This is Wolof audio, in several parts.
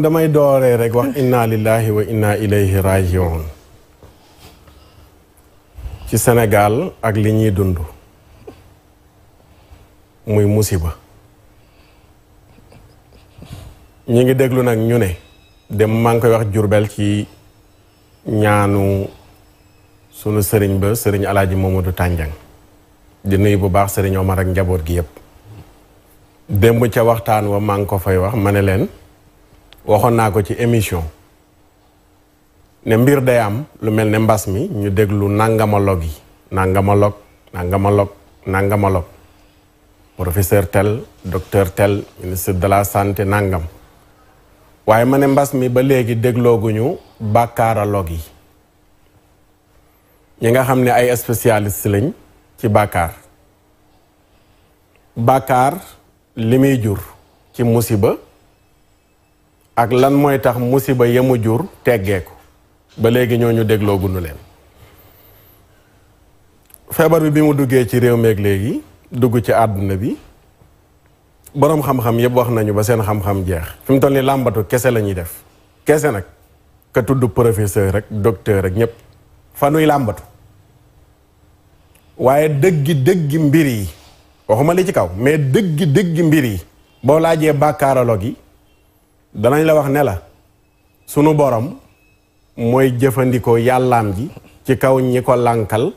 damay dooree rek wax inna lillahi wa inna ilayhi rajiun ci senegal ak li ñuy dund muy musiba ñi ngi déglu nag ñu ne dem maa ngi koy wax Jurbel ci ñaanu sunu sëriñ ba sëriñ alaaji Mamadou Tànjang di nuyu bu baax sëriñoo Omar ak njaboot gi yépp démb ca waxtaan wa maa ngi ko fay wax ma ne leen waxoon naa ko ci émission ne mbir day am lu mel ne mbas mi ñu déglu nangamalog yi nangamalog nangamalog nangamalog professeur tel docteur tel ministre de la santé nangam waaye ma ne mbas mi ba léegi déglooguñu bàkkaaralog yi ñi nga xam ne ay spécialiste lañ ci bàkkaar bàkkaar li muy jur ci musiba ak lan mooy tax musiba yemu jur teggeeku ba léegi ñooñu dégloo gunu leen feebar bi bi mu duggee ci réew meeg léegi dugg ci àdduna bi boroom xam-xam yëpp wax nañu ba seen xam-xam jeex fi mu toll ni làmbatu kese la ñuy def kese nag ka tudd professeur rek docteur rek ñëpp fanuy làmbatu waaye dëggi dëggi mbir yi waxuma li ci kaw mais dëggi dëggi mbir yi boo laajee bàkkaaraloog yi danañ la wax ne la sunu borom moy jëfëndiko yàllaam ji ci kaw ñi ko lànkal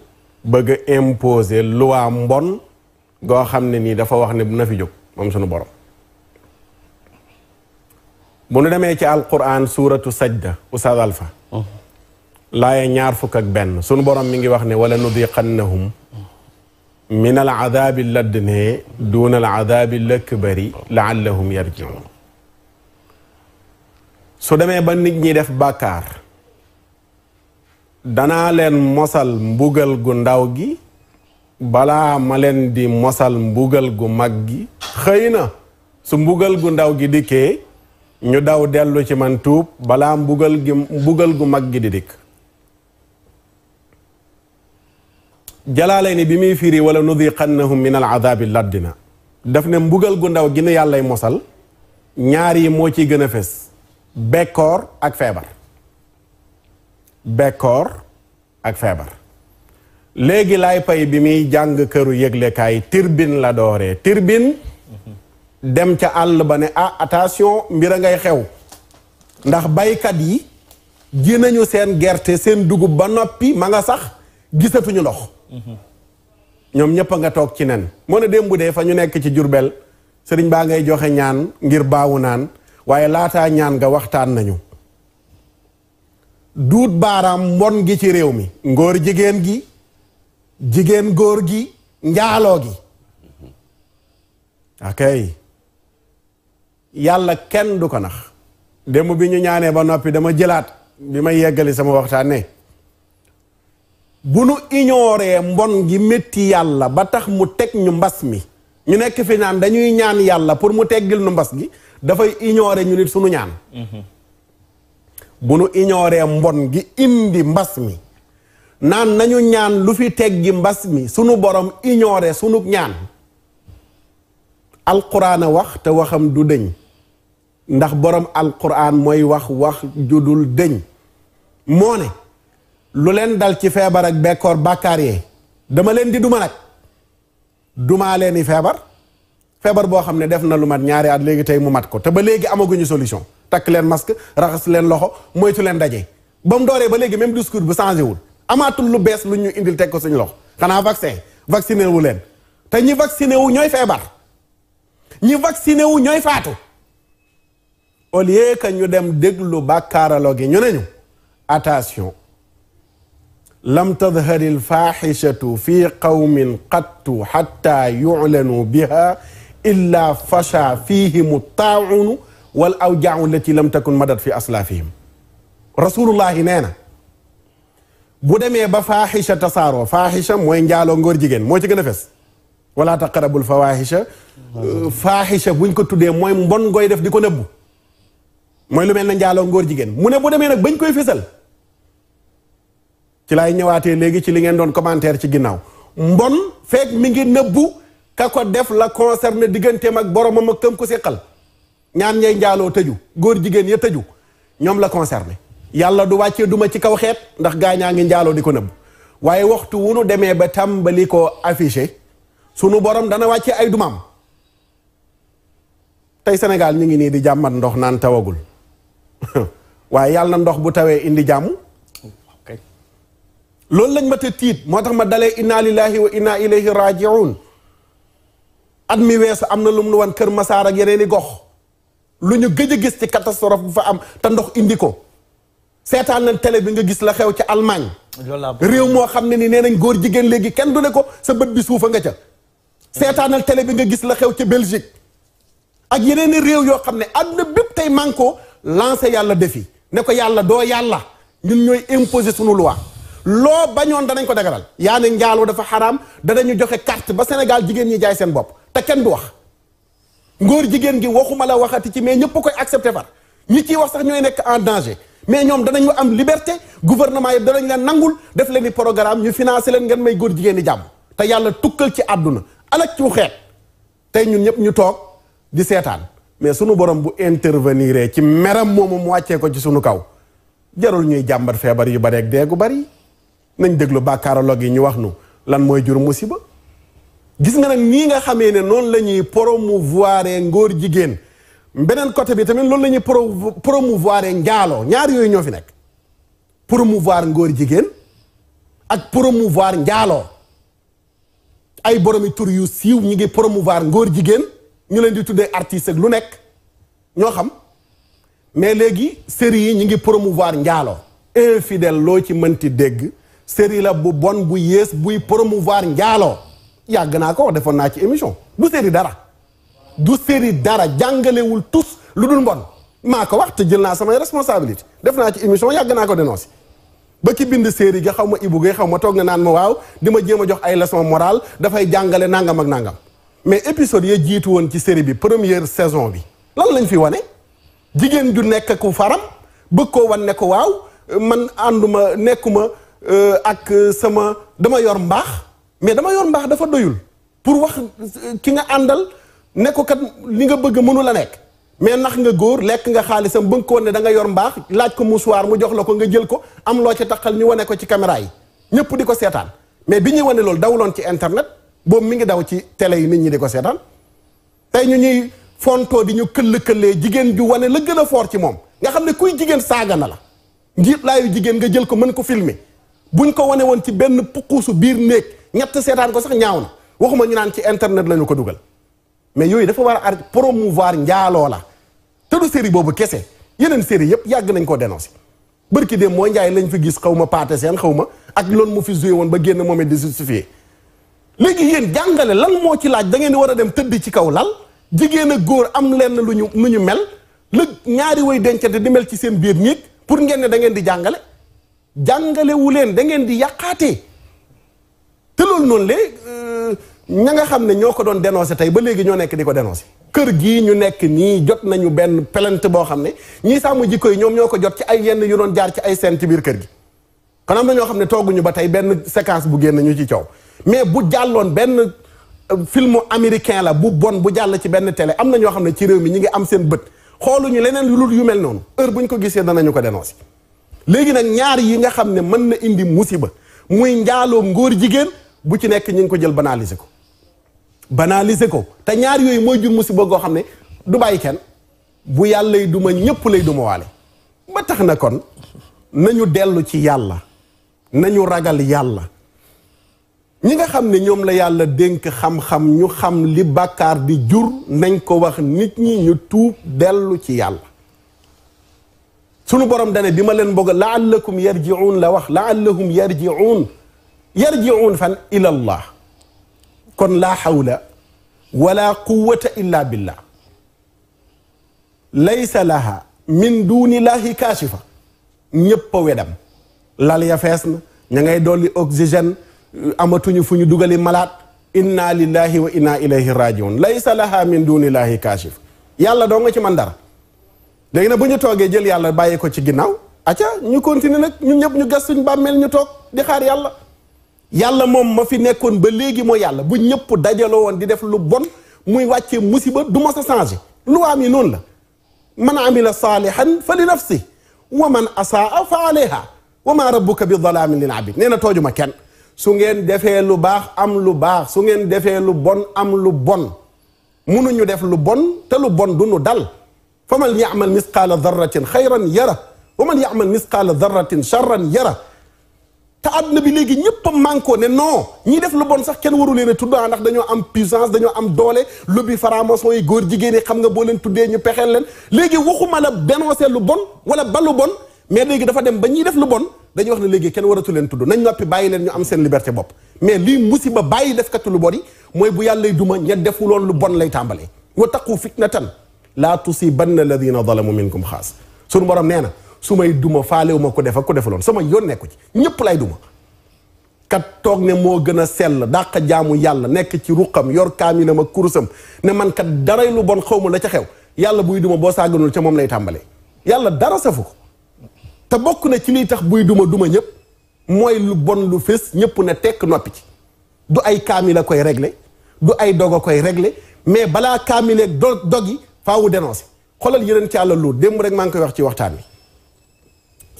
bëgg imposer loi mbon go xamne ni dafa wax ne na fi jóg mom sunu borom bu nu démé ci alquran suratu sajda ustaad alfa laaya ñaar fuk ak ben sunu borom mi ngi wax ne wala nudiqannahum من العذاب adabi دون العذاب الاكبر لعلهم يرجعون su demee ba nit ñi def bàkkaar danaa leen mosal mbugal gu ndaw gi balaa ma leen di mosal mbugal gu mag gi xëy na su mbugal gu ndaw gi dikkee ñu daw dellu ci man tuub balaa mbugal gi mbugal gu mag gi di dikk jalaale ni bi muy firi wala nudiqannahum min al adabi laddina daf ne mbugal gu ndaw gi ne yàllay mosal ñaar yi moo ciy gën a fes bekkoor ak feebar bekkoor ak feebar léegi laay pay bi muy jàng këru yëglekaay tirbin la dooree tirbin dem ca àll ba ne ah attention mbir ngay xew ndax baykat yi ji nañu seen gerte seen dugub ba noppi ma nga sax gisatuñu ndox ñoom ñëpp a nga toog ci nen moo ne démb de fa ñu nekk ci Jurbel sëriñ baa ngay joxe ñaan ngir baawu naan waaye laataa ñaan nga waxtaan nañu duut baaraam mbon gi ci réew mi ngóor jigéen gi jigéen góor gi njaaloo gi akay yàlla kenn du ko nax démb bi ñu ñaanee ba noppi dama jëlaat bi may yeggali sama waxtaan ne bu nu ignoree mbon gi métti yàlla ba tax mu teg ñu mbas mi ñu nekk fi naan dañuy ñaan yàlla pour mu teggil nu mbas gi dafay ignorer ñu nit sunu ñaan bu nu ignorer mbon gi indi mbas mi naan nañu ñaan lu fi teggi mbas mi sunu boroom ignorer sunu ñaan alquran a wax te waxam du dëñ ndax borom alquran mooy wax wax ju dul dëñ moo ne lu leen dal ci feebar ak bekkoor bàkkaar yee dama leen di duma nag dumaa leeni feebar febar bo xamne def na lu mat ñaari at legui tay mu mat ko te ba léegi amaguñu solution tak leen masque raxas leen loxo moytu leen daje bam mu ba legui même discours bu changé wul amaatul lu bes lu ñu indil tek ko suñ lox xana vaccin vacciner wu leen te ñi vacciner wu ñoy febar ñi vacciner wu ñoy faatu au lieu que ñu dem déglu bàkkaaraloo gi ñu ne attention لم تظهر الفاحشة في قوم قط حتى يعلنوا بها illaa fasha fihimu taaunu wal awjaau lati lam takun madat fi aslaafihim rasulullahi nee na bu demee ba faaxisha tasaaroo faaxisha mooy njaaloo ngóor jigéen moo ci gën a fes wala taqarabul fawaaxisha buñ ko tuddee mooy mbon ngoy def di ko nëbbu mooy lu mel ne njaaloo ngóor jigéen mu ne bu demee nag bañ koy fesal ci lay ñëwaatee léegi ci li ngeen doon commentaire ci ginnaaw mbon feek mi ngi nëbbu ka ko def la concerné digganteem ak boromam ak këm ko séqal ñaan ñay njaaloo tëju góor jigéen ya tëju ñoom la concerné yàlla du wàccee duma ci kaw xeet ndax gaa ñaa ngi njaaloo di ko nëbb waaye waxtu wu nu demee ba tàmbali ko affiché sunu borom dana wàccee ay dumaam tey senegal ñu ngi nii di jàmmat ndox naan tawagul waaye yàlla ndox bu tawee indi jàmm loolu lañ ma te tiit moo tax ma dalee inna lillahi wa inna ilayhi rajiun at mi weesu am na lu mu nu wan Kër Masaar ak yeneen i gox lu ñu gëj gis ci catastrophe bu fa am te ndox indi ko seetaan nañ télé bi nga gis la xew ci Allemagne. réew moo xam ne ni nee nañ góor jigéen léegi kenn du ne ko sa bët bi suufa nga ca. seetaanal télé bi nga gis la xew ca Belgique ak yeneen i réew yoo xam ne àdduna bépp tey man ko lancé yàlla défi ne ko yàlla doo yàlla ñun ñooy imposer sunu loi loo bañoon danañ ko dagaral yaa ne njaaloo dafa xaraam danañu joxe carte ba Sénégal jigéen ñi jaay seen bopp te kenn du wax ngóor jigéen gi waxuma la waxati ci mais ñëpp koy accepté far ñi ciy wax sax ñooy nekk en danger mais ñoom danañu am liberté gouvernement yi danañ leen nangul def leen programme ñu financé leen ngeen may góor jigéen di jàmm te yàlla tukkal ci àdduna alak ci xeet tey ñun ñëpp ñu toog di seetaan mais sunu borom bu intervenir ci meram moomu mu wàccee ko ci sunu kaw jarul ñuy jàmbat feebar yu bareeg dee gu bari nañ déglu bàkkaarologue yi ñu wax nu lan mooy jur musiba gis nga nag nii nga xamee ne noonu la ñuy promouvoir ngor jigéen beneen côté bi tamit loolu la ñuy promouvoir njaaloo ñaar yooyu ñoo fi nekk promouvoir ngóor jigéen ak promouvoir njaaloo ay boromi tur yu siiw ñu ngi promouvoir ngóor jigéen ñu leen di tuddee artiste ak lu nekk ñoo xam mais léegi série yi ñu ngi promouvoir njaaloo infidèle loo ci mënti dégg série la bu bon bu yées buy promouvoir njaaloo yàgg naa ko wax defoon naa ci émission du série dara du série dara jàngalewul tous lu dul mbon maa ko wax te jël naa samay responsabilité def naa ci émission yàgg naa ko dénoncé ba ci bind série ga xaw ma ibu gay xaw ma toog na naan ma waaw di ma jéem a jox ay leçon morale dafay jàngale nangam ak nàngam mais épisode ya jiitu woon ci série bi première saison bi lan lañ fi wane jigéen ju nekk ku faram bëgg koo wan ne ko waaw man ànduma nekkuma euh, ak euh, sama dama yor mbaax mais dama yor mbaax dafa doyul pour wax euh, ki nga àndal ne ko kat li nga bëgg mënu la nekk mais nax nga góor lekk nga xaalisam bëgg ko ne da nga yor mbaax laaj ko mouchoir mu jox la ko nga jël ko am ci taqal ñu wane ko ci caméra yi ñëpp di ko seetaan mais bi ñuy wane loolu dawuloon ci internet boobu mi ngi daw ci télé nit ñi di ko seetaan tey ñu ñuy fontoo di ñu këll-këllee jigéen ju wane la gën a foor ci moom nga xam ne kuy jigéen saaga na la njiit laayu jigéen nga jël ko mën ko filme bu buñ ko wane woon ci benn puquusu biir néeg ñett seetaan ko sax ñaaw na waxuma ñu naan ci internet la ñu ko dugal mais yooyu dafa war a ar promouvoir njaaloo la te du boobu kese yeneen série yëpp yàgg nañ koo dénoncé bërki dem mooy njaay lañ fi gis xaw ma paate seen xaw ma ak loolu mu fi joué woon ba génn moom di su justifié léegi yéen jàngale lan moo ci laaj da ngeen di war a dem tëdd ci kaw lal jigéen ak góor am leen lu ñu lu ñu mel la ñaari way dencante di mel ci seen biir ñéeg pour ngeen ne da ngeen di jàngale jàngalewu leen da ngeen di yàqaatee te loolu noonu la euh, ña nga xam ne ñoo ko doon dénoncé tey ba léegi ñoo nekk di ko dénoncé kër gii ñu nekk nii jot nañu benn plainte boo xam ne ñii sàmm jikko yi ñoom ñoo ko jot ci ay yenn yu doon jaar ci ay seen ci biir kër gi kon am na ñoo xam ne tooguñu ba tey benn séquence bu génn ñu ci coow mais bu jàlloon benn euh, film américain la bu bon bu jàll ci benn tele am na ñoo xam ne ci réew mi ñu ngi am seen bët xooluñu leneen lu yu mel noonu heure bu ñu ko gisee danañu ko dénoncé léegi nag ñaar yi nga xam ne mën na indi musiba muy njaaloo ngóor jigéen bu ci nekk ñu ngi ko jël banaliser ko banaliser ko te ñaar yooyu mooy jur musiba goo xam ne du bàyyi kenn bu yàllay duma ñëpp lay duma waale ba tax na kon nañu dellu ci yàlla nañu ragal yàlla ñi nga xam ne ñoom la yàlla dénk xam-xam ñu xam li bàkkaar di jur nañ ko wax nit ñi ñu tuub dellu ci yàlla sunu borom dane bi ma leen bëgg laallakum yarjiun la wax laallahum yarjiun yarjiuun fan ila allah kon laa xawla wala quwata illa billah laysa laha min duunillahi kaashifa ñëpp a wedam lal ya fees na ña ngay dolli oxygène amatuñu fu ñu dugali malaat inna lillahi wa inna ilayhi rajiun laysa laha min duunillahi kaashifa yàlla doo nga ci man dara nag bu ñu toogee jël yàlla bàyyi ko ci ginnaaw acca ñu continuer nag ñëpp ñu gas suñ bàmmeel ñu toog di xaar yàlla yàlla mom ma fi nekkone ba legui mo yàlla bu ñëpp dajaloo won di def lu bon muy wacce musiba du ma sa changer loi mi non la man amila salihan fa li nafsi wa man asaa fa alayha wa ma rabbuka bi dalaamin lil abid neena na tooju ma kenn su ngeen defé lu bax am lu bax su ngeen defé lu bon am lu bon munu ñu def lu bon te lu bon du nu dal famal ya'mal misqala dharratin khayran yara ومن يعمل مثقال ذره شرا يره te àdduna bi léegi ñëpp a manko ne non ñi def lu bon sax kenn waru leen a tudd ndax dañoo am puissance dañoo am doole lobby franc-maçon yi góor jigéen yi xam nga boo leen tuddee ñu pexeel leen léegi waxuma la dénoncer lu bon wala ba lu bon mais léegi dafa dem ba ñiy def lu bon dañuy wax ne léegi kenn waratu leen tudd nañ noppi bàyyi leen ñu am seen liberté bopp mais lii musiba bàyyi defkatu lu bon yi mooy bu yàlla duma ña defuloon lu bon lay tàmbalee wa taqu fitnatan laa tusibanna alladina zalamu minkum xaas sunu borom nee na su may duma faalewu ma ko def ak ko defaloon sama yoon nekku ci ñëpp lay duma kat toog ne moo gën a sell dàq jaamu yàlla nekk ci ruqam yor kaamina ma kurusam ne man kat daray lu bon xaw ma la ca xew yàlla buy duma boo saaganul ca moom lay tàmbalee yàlla dara safu ko te bokk na ci liy tax buy duma duma ñëpp mooy lu bon lu fés ñëpp ne tekk noppi ci du ay kaamil a koy regle du ay dog a koy regle mais balaa kaamileeg do dog yi faawu dénoncé xoolal yeneen ci àlla lu démb rek maa ngi koy wax ci waxtaan wi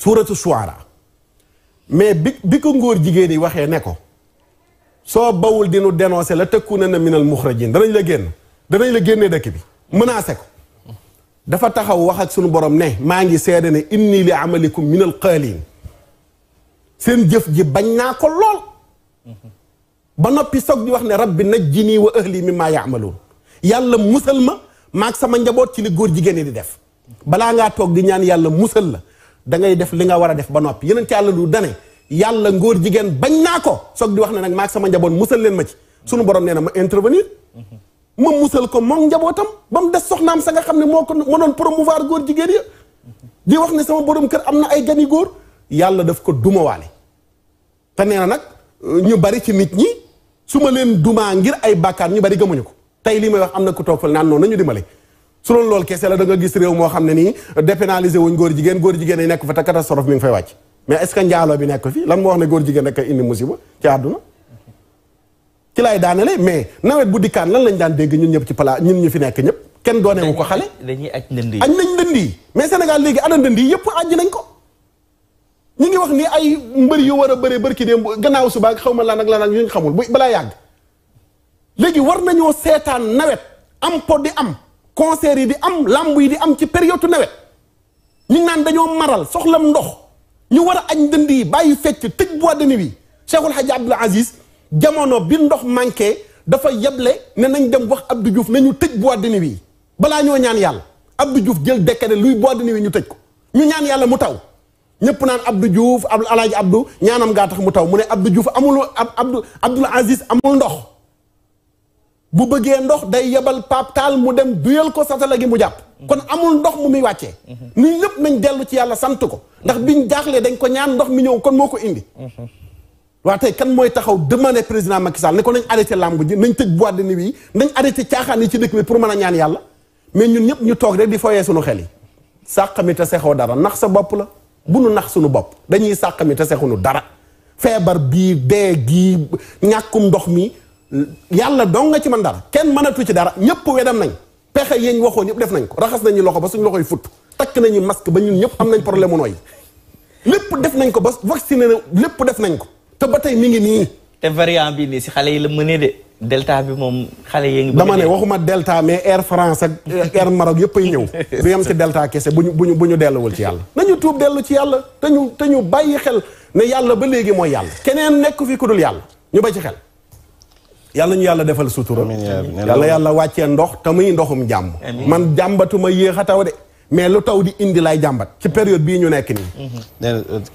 suuratu suwaara mais bi bi ko ngóor jigéen yi waxee ne ko soo bawul dinu dénoncé la tëkku na na minal muxrajin danañ la génn danañ la génnee dëkk bi menacé ko dafa taxaw wax ak sunu borom ne maa ngi seede ne inni li amalikum minal qaaliin seen jëf ji bañ naa ko lool ba noppi soog di wax ne rabbi najjini wa ahli mimma yaamaluun yàlla musal ma maag sama njaboot ci li góor jigéen yi di def balaa ngaa toog di ñaan yàlla musal la da ngay def li nga war a def ba noppi yeneen ci yàlla du dane yàlla ngóor jigéen bañ naa ko soog di wax ne nag maag sama njaboot musal leen ma ci sunu borom nee na ma intervenir ma musal ko moom njabootam ba mu des soxnaam sa nga xam ne moo ko mënoon promouvoir góor jigéen ya di wax ne sama borom kër am na ay gani góor yàlla daf ko dumawaale te nag bari ci nit ñi su ma leen dumaa ngir ay bàkkaar ñu bari gëmuñu ko tey lii may wax am na ko toog fal naan noonu nañu dimbale su loolu loolu kese la da nga gis réew moo xam ne nii dépénaliser wuñ góor jigéen góor jigéen yi nekk fa te catastrophe mi ngi fay wàcc mais est-ce que njaaloo bi nekk fi lan moo wax ne góor jigéen rek indi musiba ci àdduna ci laay daanele mais nawet bu dikkaan lan lañ daan dégg ñun ñëpp ci palaa ñun ñu fi nekk ñëpp kenn doonewu ko xale dañuy aj ndënd yi aj nañ ndënd yi mais Sénégal léegi ana ndënd yi yëpp ajji nañ ko ñu ngi wax nii ay mbër yu war a bëree bër ki démb gannaaw suba xaw ma lan ak lan ak ñu xamul bu balaa yàgg léegi war nañoo seetaan nawet am po di am concert yi di am làmb yi di am ci période nawet ñu naan dañoo maral soxlam ndox ñu war a añ dënd yi bàyyi fecc tëj bois de nuit yi Cheikhul Hadji Abdoul Aziz jamono bi ndox manqué dafa yeble ne nañ dem wax Abdou Diouf nañu tëj bois de nuit yi balaa ñoo ñaan yàlla Abdou Diouf jël décret luy bois de nuit yi ñu tëj ko ñu ñaan yàlla mu taw ñëpp naan Abdou Diouf Alaaji Abdou ñaanam gaa tax mu taw mu ne Abdou Diouf amul ab Abdou Abdoul Aziz amul ndox bu bëggee ndox day yebal paap taal mu dem duyal ko satala gi mu jàpp kon amul ndox mu muy wàccee ni lépp nañ dellu ci yàlla sant ko ndax biñ jaaxlee dañ ko ñaan ndox mi ñëw kon moo ko indi waa tey kan mooy taxaw demandé président Macky Sall ne ko nañ arrêté làmb ji nañ tëj boîte de nuit yi nañ arrêté caaxaan yi ci dëkk bi pour mën a ñaan yàlla mais ñun ñëpp ñu toog rek di fooyee suñu xel yi sàq mi te sexoo dara nax sa bopp la bu nu nax suñu bopp dañuy sàq ta te dara feebar bii dee gii ñàkkum ndox mii yàlla dong nga ci man dara kenn mënatu ci dara ñëpp wedam nañ pexe yéen waxoon ñëpp def nañ ko raxas nañu loxo ba suñ suñu loxoy fut takk nañu masque ba ñu ñëpp am nañ problème mu nooy def nañ ko ba vacciné na lépp def nañ ko te ba tey mi ngi nii. te variant bi nii si xale yi la mënee de delta bi moom xale yi ngi. dama ne waxuma delta mais air France ak air Maroc yëpp ñëw. du yem si delta kese bu ñu bu ñu bu ñu delluwul ci yàlla. nañu tuub dellu ci yàlla te ñu te ñu bàyyi xel ne yàlla ba léegi mooy yàlla. keneen nekk fi ku dul yàlla ñu ba ci xel. yàlla ñu yàlla defal sutura yàlla yàlla wàccee ndox te muy ndoxum jàmm man jàmbatuma yéex a taw de mais lu taw di indi lay jàmbat ci période bii ñu nekk nii mm-hmm. uh,